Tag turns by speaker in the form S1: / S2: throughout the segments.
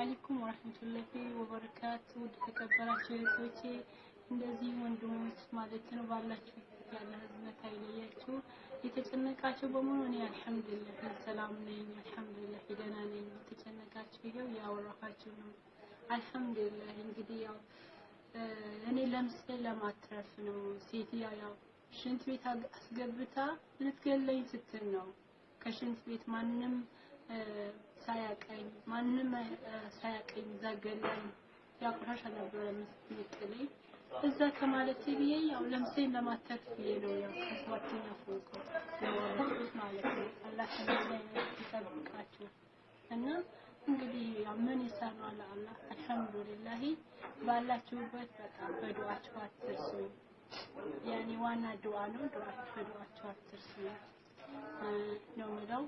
S1: አለይኩም ወራህመቱላሂ ወበረካቱ። ውድ ተከበራችሁ እህቶቼ እንደዚህ ወንድሞች ማለት ነው ባላችሁበት ያለ ህዝነት አይለያችሁ። የተጨነቃችሁ በሙሉ እኔ አልሐምዱሊላህ ሰላም ነኝ፣ አልሐምዱሊላህ ደህና ነኝ። የተጨነቃችሁ ይኸው ያወራኋችሁ ነው። አልሐምዱሊላህ እንግዲህ ያው እኔ ለምሳሌ ለማትረፍ ነው ሴትያ ያው ሽንት ቤት አስገብታ ልትገለኝ ስትል ነው ከሽንት ቤት ማንም ሳያቀኝ ማንም ሳያቀኝ እዛ ገላኝ ያቆሻሻ ነበረ የሚጥለኝ እዛ ከማለት ብዬ ያው ለምሳሌ ለማተፍ ብዬ ነው ያው ከሰባተኛ ፎቅ የወረድኩት ማለት ነው። አላህ እንደዚህ እና እንግዲህ ያው ምን ይሰራል አላህ አልሐምዱሊላህ። ባላችሁበት በቃ በዱዓችሁ አትርሱ። ያኔ ዋና ዱዓ ነው። ዱዓ በዱዓችሁ አትርሱ ነው የሚለው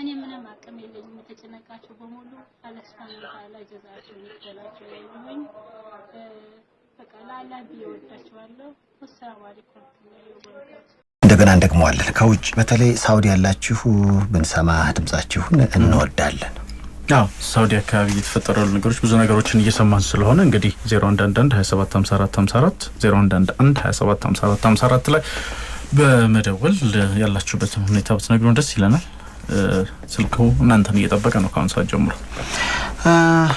S1: እኔ ምንም አቅም የለኝም። የተጨነቃችሁ በሙሉ አላስፋን ታላ ጀዛችሁ ይበላችሁ ይሁን።
S2: በቃ ላላ ወሰላሙ አለይኩም ወራህመቱላሂ እንደገና እንደግመዋለን። ከውጭ በተለይ ሳውዲ ያላችሁ ብንሰማ ድምጻችሁን እንወዳለን።
S3: አዎ ሳውዲ አካባቢ እየተፈጠሩ ያሉ ነገሮች ብዙ ነገሮችን እየሰማን ስለሆነ እንግዲህ 0111 27 ላይ በመደወል ያላችሁበት ሁኔታ ብትነግሩን ደስ ይለናል። ስልኩ እናንተን እየጠበቀ ነው ከአሁን ሰዓት ጀምሮ።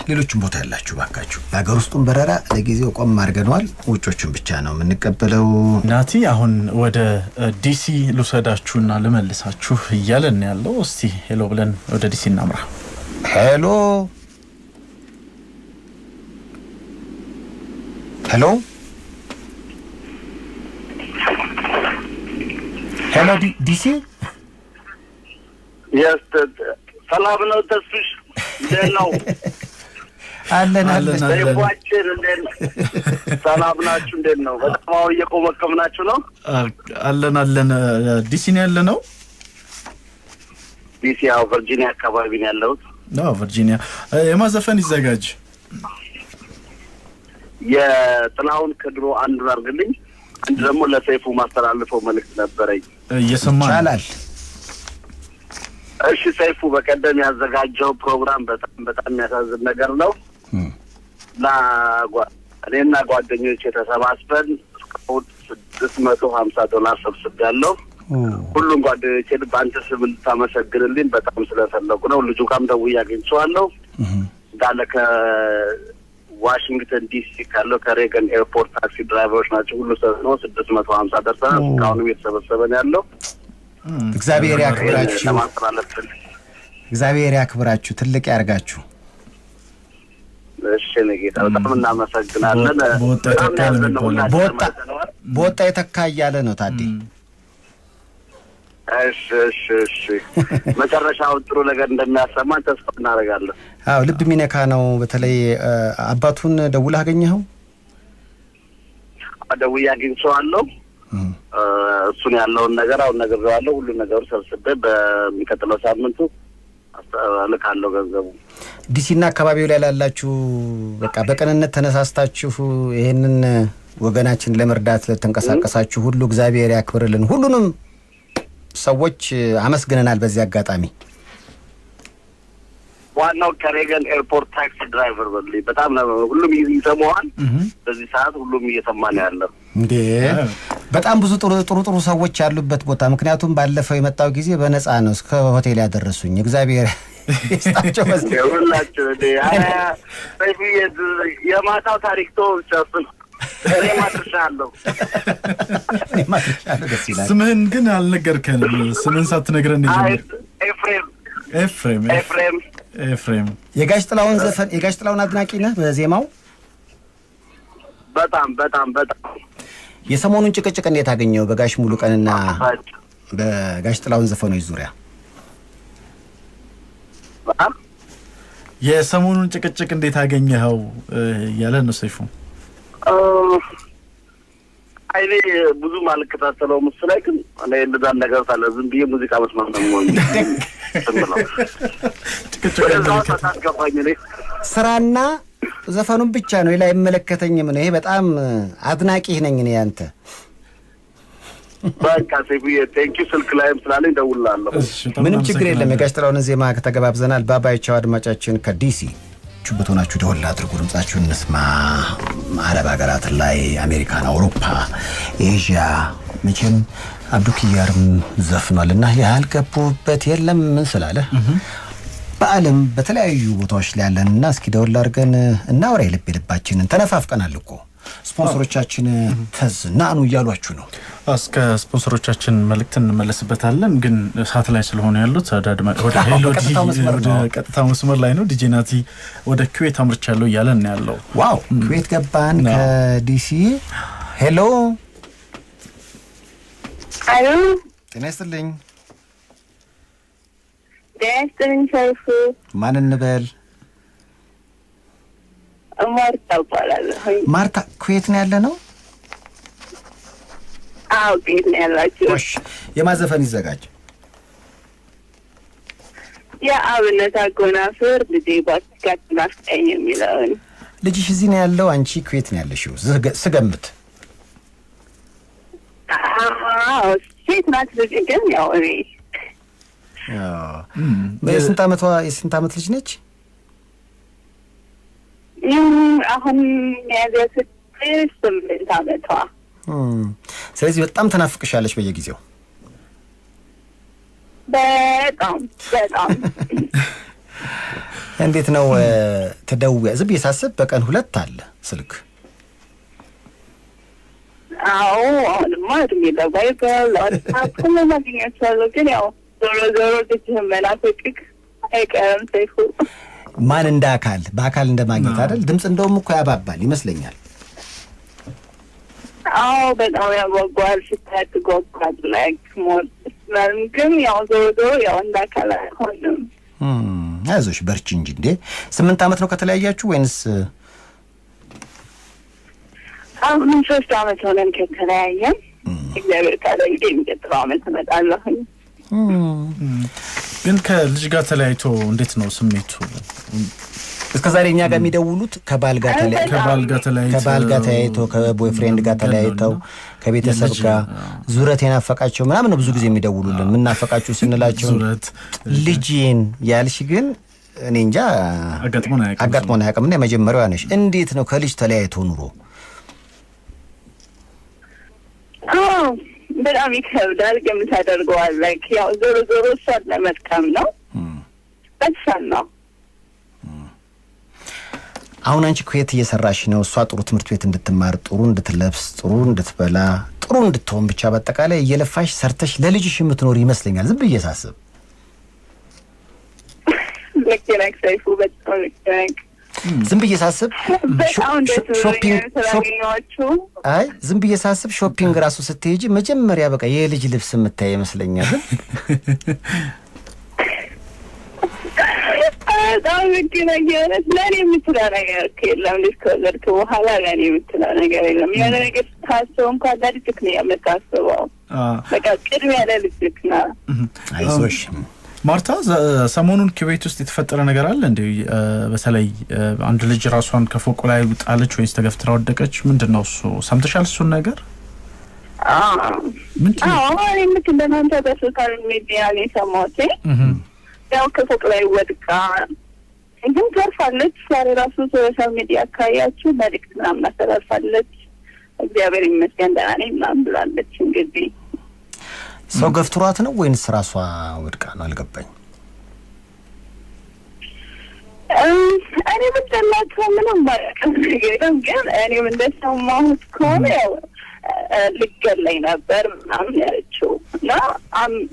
S2: ሌሎችም ቦታ ያላችሁ ባካችሁ፣ በሀገር ውስጡን በረራ ለጊዜው ቆም አድርገነዋል። ውጮችን ብቻ ነው የምንቀበለው።
S3: ናቲ አሁን ወደ ዲሲ ልውሰዳችሁና ልመልሳችሁ እያለን ያለው እስቲ ሄሎ ብለን ወደ ዲሲ እናምራ።
S2: ሄሎ ሄሎ ሄሎ ዲሲ
S4: ሰላም ነው። ተሱሽ እንዴት ነው?
S2: አለን አለን
S4: እንዴት ነው? ሰላም ናችሁ? እንዴት ነው? በጣም አሁን ነው።
S3: አለን አለን። ዲሲ ነው ያለ ነው።
S4: ዲሲ ያው ቨርጂኒያ አካባቢ ነው ያለሁት።
S3: አዎ ቨርጂኒያ። የማዘፈን ይዘጋጅ
S4: የጥላሁን ከድሮ አንዱን አድርግልኝ። አንድ ደግሞ ለሰይፉ ማስተላልፈው መልእክት ነበረኝ።
S2: እየሰማ ይቻላል
S4: እሺ ሰይፉ፣ በቀደም ያዘጋጀው ፕሮግራም በጣም በጣም የሚያሳዝን ነገር ነው እና እኔና ጓደኞች የተሰባስበን እስካሁን ስድስት መቶ ሀምሳ ዶላር ያለው ሁሉም ጓደኞችን በአንተ ስም እንድታመሰግንልኝ በጣም ስለፈለጉ ነው። ልጁ ጋም ደው እያገኝቸዋለሁ እንዳለ ከዋሽንግተን ዲሲ ካለው ከሬገን ኤርፖርት ታክሲ ድራይቨሮች ናቸው ሁሉ ሰብስበው ስድስት መቶ ሀምሳ ደርሰናል። እስካሁንም የተሰበሰበን ያለው
S2: እግዚአብሔር ያክብራችሁ፣ እግዚአብሔር ያክብራችሁ፣ ትልቅ ያርጋችሁ። እሺ በወጣ የተካ እያለ ነው ታዴ።
S4: መጨረሻውን ጥሩ ነገር እንደሚያሰማን ተስፋ እናደርጋለን።
S2: አዎ ልብ የሚነካ ነው። በተለይ አባቱን ደውለህ አገኘኸው?
S4: ደውዬ አግኝቼዋለሁ። እሱን ያለውን ነገር አሁን ነግሬዋለሁ። ሁሉ ነገሩ ሰብስቤ በሚቀጥለው ሳምንቱ ልካለሁ ገንዘቡ።
S2: ዲሲና አካባቢው ላይ ላላችሁ በቃ በቅንነት ተነሳስታችሁ ይህንን ወገናችን ለመርዳት ለተንቀሳቀሳችሁ ሁሉ እግዚአብሔር ያክብርልን። ሁሉንም ሰዎች አመስግነናል። በዚህ አጋጣሚ
S4: ዋናው ከሬገን ኤርፖርት ታክሲ ድራይቨር በሉ በጣም ሁሉም ይሰማዋል። በዚህ ሰዓት ሁሉም እየሰማ ነው ያለው።
S2: እንዴ በጣም ብዙ ጥሩ ጥሩ ጥሩ ሰዎች ያሉበት ቦታ። ምክንያቱም ባለፈው የመጣው ጊዜ በነፃ ነው እስከ ሆቴል ያደረሱኝ። እግዚአብሔር ይስጣቸው።
S4: ሁላችሁ የማታው ታሪክ ቶ ጨፍን
S3: ስምህን ግን አልነገርከንም። ስምህን ሳትነግረን ኤፍሬም ኤፍሬም ኤፍሬም
S2: የጋሽ ጥላውን ዘፈን የጋሽ ጥላውን አድናቂ ነህ በዜማው
S4: በጣም በጣም በጣም
S2: የሰሞኑን ጭቅጭቅ እንዴት አገኘው? በጋሽ ሙሉ ቀንና በጋሽ ጥላሁን ዘፈኖች ዙሪያ
S3: የሰሞኑን ጭቅጭቅ እንዴት አገኘኸው? እያለ ነው ሰይፉ።
S4: አይኔ ብዙ አልከታተለውም እሱ ላይ ግን እኔ እንደዛን ነገር ሳለ ዝም ብዬ ሙዚቃ መስማት ነው ሆ
S2: ስራና ዘፈኑን ብቻ ነው ላይ አይመለከተኝም ነው። ይሄ በጣም አድናቂህ ነኝ እኔ አንተ
S4: በቃ ሴጉዬ ቴንኪ ስልክ ላይም ስላለኝ ደውላለሁ።
S2: ምንም ችግር የለም። የጋሽ ጥላሁንን ዜማ ተገባብዘናል። ባባይቻው አድማጫችን ከዲሲ ችቡት ሆናችሁ ደወል አድርጉ፣ ድምጻችሁን እንስማ። አረብ ሀገራት ላይ አሜሪካን፣ አውሮፓ፣ ኤዥያ መቼም አብዱኪያርም ዘፍኗል እና ያልገቡበት የለም ምን ስላለ በዓለም በተለያዩ ቦታዎች ላይ ያለን እና እስኪ ደውል አድርገን እናውራ። የልብ የልባችንን ተነፋፍቀናል እኮ ስፖንሰሮቻችን ተዝ እና እያሏችሁ ነው።
S3: እስከ ስፖንሰሮቻችን መልእክት እንመለስበታለን፣ ግን ሰዓት ላይ ስለሆነ ያሉት ወደ ቀጥታ መስመር ላይ ነው። ዲጄ ናቲ ወደ ኩዌት አምርቻለሁ እያለን ያለው
S2: ዋው፣ ኩዌት ገባን ከዲሲ ሄሎ ጤና ይስጥልኝ።
S5: ቢያስጥልን ሰይፉ።
S2: ማን እንበል?
S5: ማርታ እባላለሁ።
S2: ማርታ ኩዌት ነው ያለ ነው?
S5: አዎ ኩዌት ነው ያላችሁ።
S2: የማዘፈን ይዘጋጅ።
S5: የአብነት አጎናፍር ልጄ ባስካ ናፍቀኝ የሚለውን
S2: ልጅሽ እዚህ ነው ያለው፣ አንቺ ኩዌት ነው ያለሽው ስገምት
S5: ሴት ናት ልጅ ግን ያው እኔ
S2: የስንት ዓመቷ የስንት ዓመት ልጅ ነች?
S5: አሁን ሚያዝያ ስምንት ዓመቷ።
S2: ስለዚህ በጣም ተናፍቅሻለች በየጊዜው
S5: በጣም በጣም
S2: እንዴት ነው ትደውያ? ዝም ብዬ ሳስብ በቀን ሁለት አለ ስልክ።
S5: አዎ አሁንማ እድሜ ለቫይበር ለዋትሳፕ ሁሉ ማግኘት ያለው ግን ያው ዞሮ ዞሮ ልጅህን መናፈቅህ አይቀርም ሰይፉ።
S2: ማን እንደ አካል በአካል እንደማግኘት አይደል? ድምፅ እንደውም እኮ ያባባል ይመስለኛል።
S5: አዎ በጣም ያጓጓል። ስታይ ጓጓል ላይክ ሞር ግን ያው ዞሮ ዞሮ ያው እንደ አካል አይሆንም።
S2: አይዞሽ በርቺ እንጂ። እንዴ ስምንት አመት ነው ከተለያያችሁ ወይንስ?
S5: አሁን ሶስት አመት ሆነን ከተለያየን። እግዚአብሔር ካለ እንግዲህ የሚቀጥለው አመት እመጣለሁኝ።
S3: ግን ከልጅ ጋር ተለያይቶ እንዴት ነው ስሜቱ?
S2: እስከ ዛሬ እኛ ጋር የሚደውሉት ከባል ጋር ተለያይተው ከቦይፍሬንድ ጋር ተለያይተው ከቤተሰብ ጋር ዙረት የናፈቃቸው ምናምን ብዙ ጊዜ የሚደውሉልን የምናፈቃቸው ስንላቸው ልጅን ያልሽ ግን እኔ እንጃ አጋጥሞን አያውቅምና የመጀመሪያው ያነሽ እንዴት ነው ከልጅ ተለያይቶ ኑሮ
S5: በጣም ይከብዳል፣ ግን ታደርገዋለህ። ያው ዞሮ ዞሮ እሷን ለመጥቀም ነው በሳል ነው።
S2: አሁን አንቺ ኩዌት እየሰራሽ ነው። እሷ ጥሩ ትምህርት ቤት እንድትማር፣ ጥሩ እንድትለብስ፣ ጥሩ እንድትበላ፣ ጥሩ እንድትሆን ብቻ በአጠቃላይ እየለፋሽ ሰርተሽ ለልጅሽ የምትኖር ይመስለኛል ዝም ብዬ ሳስብ።
S5: ልክ ነህ ሰይፉ፣ በጣም ልክ ነህ።
S2: ዝም ብዬ ሳስብ አይ ዝም ብዬ ሳስብ ሾፒንግ ራሱ ስትሄጂ መጀመሪያ በቃ የልጅ ልብስ የምታይ ይመስለኛል።
S5: በጣም ልክ ነገር ለእኔ የምትለው ነገር የለም። ልጅ ከወለድክ በኋላ ለእኔ የምትለው ነገር የለም። የሆነ ነገር ስታስበው እንኳን ለልጅክ ነው የምታስበው። በቃ ቅድሚያ ለልጅክ ነው።
S2: አይዞሽ
S3: ማርታ ሰሞኑን ኩዌት ውስጥ የተፈጠረ ነገር አለ እንዲ በተለይ አንድ ልጅ ራሷን ከፎቁ ላይ ውጣለች ወይስ ተገፍትራ ወደቀች ምንድን ነው እሱ ሰምተሻል እሱን ነገር
S5: ልክ እንደናንተ በሶሻል ሚዲያ ላይ የሰማሁት ያው ከፎቅ ላይ ወድቃ ግን ተርፋለች ዛሬ ራሱ ሶሻል ሚዲያ አካባቢያችሁ መልዕክት ምናምን አስተላልፋለች እግዚአብሔር ይመስገን ደህና ነኝ ምናምን ብላለች እንግዲህ
S2: ሰው ገፍትሯት ነው ወይንስ ራሷ ወድቃ ነው? አልገባኝ።
S5: እኔ ብትላቸው ምንም ባያቅም ግን እኔም እንደሰማሁት ከሆነ ያው ልገለኝ ነበር ምናምን ያለችው እና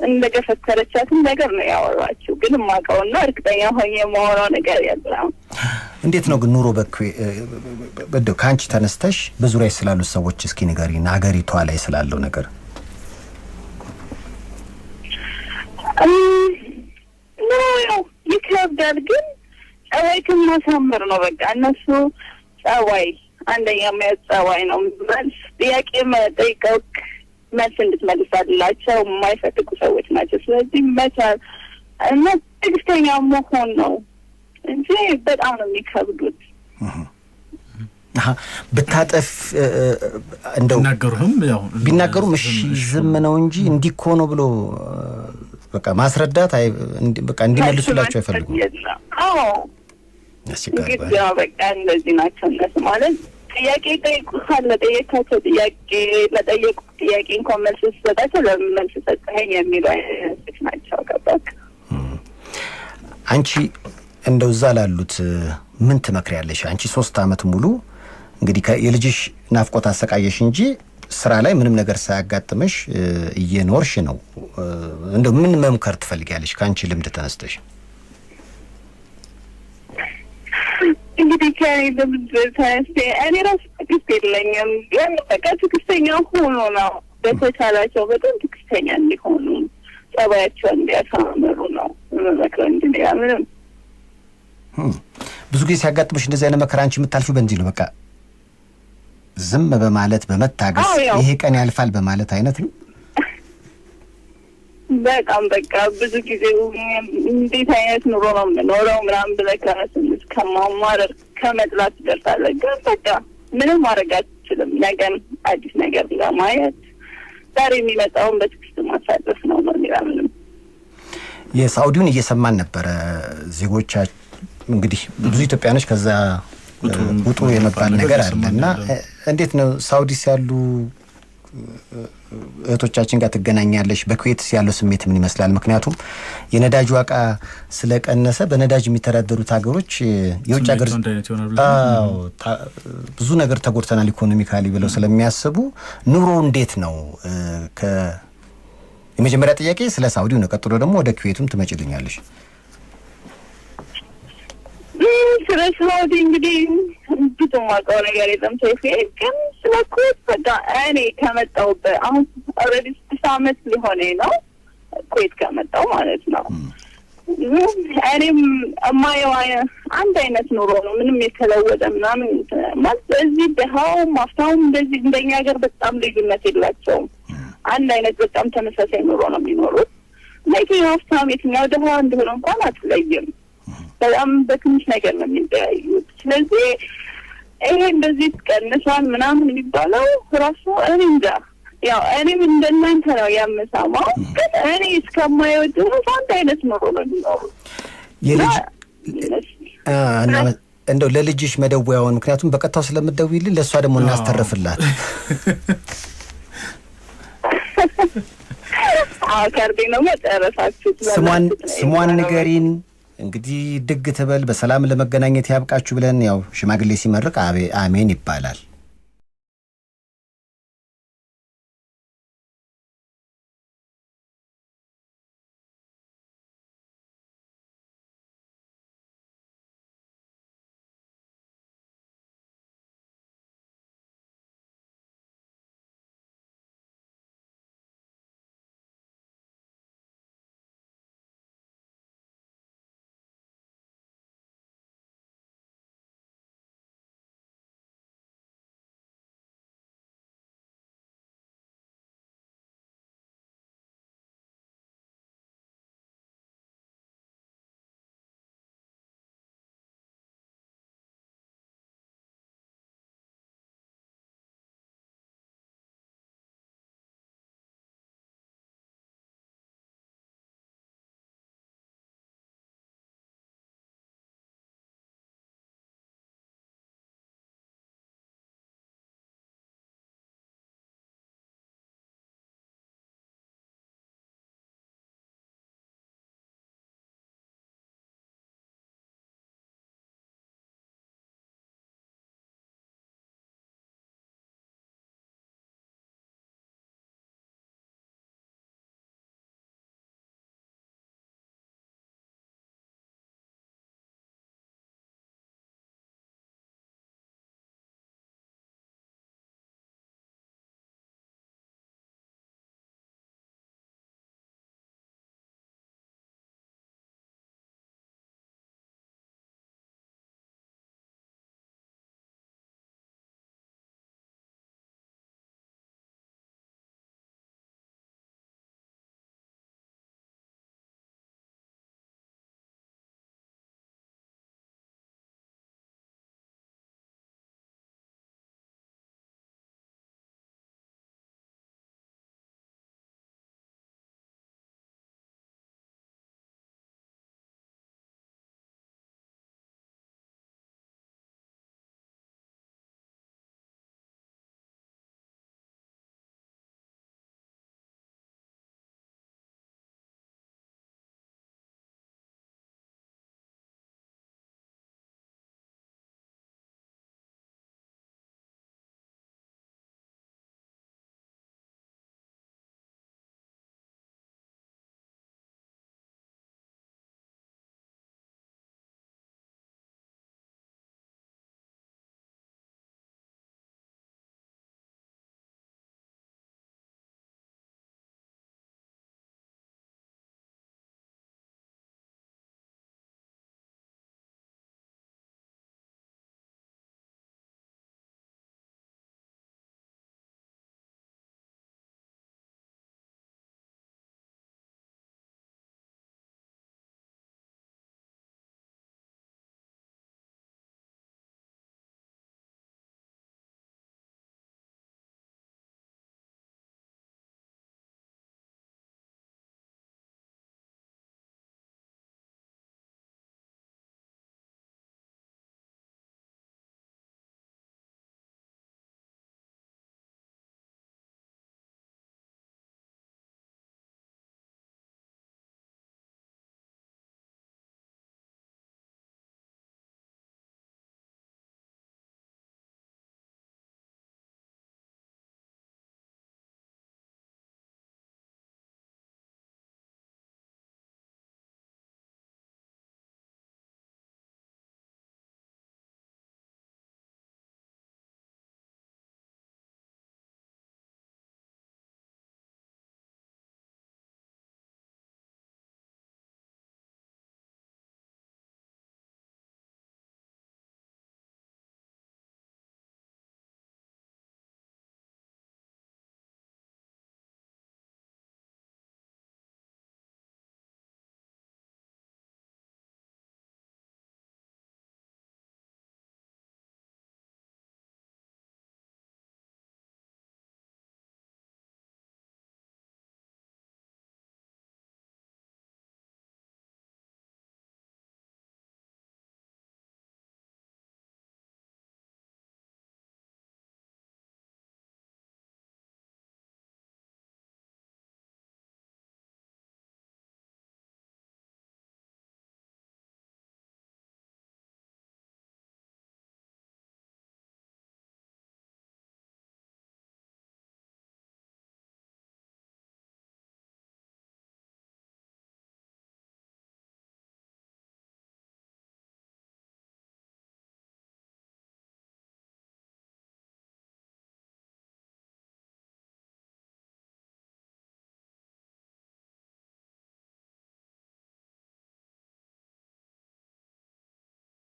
S5: እንደገፈተረቻትም ነገር ነው ያወራችው። ግን ማውቀውና እርግጠኛ ሆኜ የማወራው ነገር የለም።
S2: እንዴት ነው ግን ኑሮ በክ ከአንቺ ተነስተሽ በዙሪያ ስላሉት ሰዎች እስኪ ንገሪን፣ አገሪቷ ላይ ስላለው ነገር
S5: ይችላል። ግን ጸባይ ከማሳመር ነው በቃ እነሱ ጸባይ አንደኛ የሚያዝ ጸባይ ነው። መልስ ጥያቄ መጠይቀው መልስ እንድትመልሳላቸው የማይፈልጉ ሰዎች ናቸው። ስለዚህ መቻል እና ትግስተኛ መሆን ነው እንጂ በጣም ነው የሚከብዱት።
S2: ብታጠፍ እንደው ቢናገሩም እሺ ዝም ነው እንጂ እንዲኮ ነው ብሎ በቃ ማስረዳት በቃ እንዲመልሱላቸው አይፈልጉም። አዎ ግድ
S5: ነው። በቃ እንደዚህ ናቸው እነሱ ማለት ጥያቄ ይጠይቁታል። ለጠየቅካቸው ጥያቄ ለጠየቁ ጥያቄ እንኳን መልስ ስሰጣቸው ለምን መልስ ሰጠኸኝ የሚሉ አይነቶች ናቸው። ገባክ?
S2: አንቺ እንደው እዛ ላሉት ምን ትመክሪያለሽ? አንቺ ሶስት አመት ሙሉ እንግዲህ የልጅሽ ናፍቆት አሰቃየሽ እንጂ ስራ ላይ ምንም ነገር ሳያጋጥምሽ እየኖርሽ ነው። እንደ ምን መምከር ትፈልጊያለሽ ከአንቺ ልምድ ተነስተሽ?
S5: እንግዲህ ከኔ ልምድ ተነስቼ እኔ ራሱ ትዕግስት የለኝም፣ ግን በቃ ትዕግስተኛ ሆኖ ነው በተቻላቸው በጣም ትዕግስተኛ እንዲሆኑ ጸባያቸው እንዲያሳምሩ ነው መመክረ እንጂ ምንም።
S2: ብዙ ጊዜ ሲያጋጥምሽ እንደዚህ አይነት መከራ አንቺ የምታልፊው በእንዲህ ነው በቃ ዝም በማለት በመታገስ ይሄ ቀን ያልፋል በማለት አይነት ነው።
S5: በጣም በቃ ብዙ ጊዜ እንዴት አይነት ኑሮ ነው የምኖረው ምናምን ብለህ ከራስህ ከማማረር ከመጥላት ይደርሳለ። ግን በቃ ምንም ማድረግ አትችልም። ነገን አዲስ ነገር ለማየት ዛሬ የሚመጣውን በትዕግስት ማሳለፍ ነው ነው ሌላ ምንም።
S2: የሳኡዲውን እየሰማን ነበረ። ዜጎች እንግዲህ ብዙ ኢትዮጵያኖች ከዛ ውጡ የመባል ነገር አለ እና እንዴት ነው ሳውዲስ ያሉ እህቶቻችን ጋር ትገናኛለሽ? በኩዌትስ ያለው ስሜት ምን ይመስላል? ምክንያቱም የነዳጅ ዋቃ ስለቀነሰ በነዳጅ የሚተዳደሩት ሀገሮች የውጭ ሀገር ብዙ ነገር ተጎድተናል ኢኮኖሚካሊ ብለው ስለሚያስቡ ኑሮ እንዴት ነው? የመጀመሪያ ጥያቄ ስለ ሳውዲው ነው። ቀጥሎ ደግሞ ወደ ኩዌቱም ትመጭልኛለሽ።
S5: ስለ እንግዲህ ብዙ ማውቀው ነገር የለም። ሰይፌ ግን ስለ ኩዌት በቃ እኔ ከመጣሁበት አሁን ኦልሬዲ ስድስት አመት ነው ኩዌት ከመጣሁ ማለት ነው። እኔም አንድ አይነት ኑሮ ነው። ምንም የተለወጠ ምናምን ማለት እዚህ ድሀውም እንደዚህ እንደኛ ሀገር በጣም ልዩነት የላቸውም። አንድ አይነት በጣም ተመሳሳይ ኑሮ ነው የሚኖሩት እና የትኛው ሀብታም የትኛው እንደሆነ እንኳን አትለይም። በጣም በትንሽ ነገር ነው የሚለያዩት። ስለዚህ ይሄ እንደዚህ ትቀንሷል ምናምን የሚባለው ራሱ እኔ እንጃ። ያው እኔም እንደናንተ ነው የምሰማው፣ ግን እኔ እስከማየው ድረስ አንድ አይነት ኑሮ ነው የሚኖሩት።
S2: እንደው ለልጅሽ መደወያውን ምክንያቱም በቀጥታው ስለምደውይልን ለእሷ ደግሞ እናስተርፍላት።
S5: አዎ ከርቤ ነው መጨረሳችሁት።
S2: ስሟን ንገሪን። እንግዲህ ድግ ትበል በሰላም ለመገናኘት ያብቃችሁ ብለን ያው ሽማግሌ ሲመርቅ አሜን ይባላል።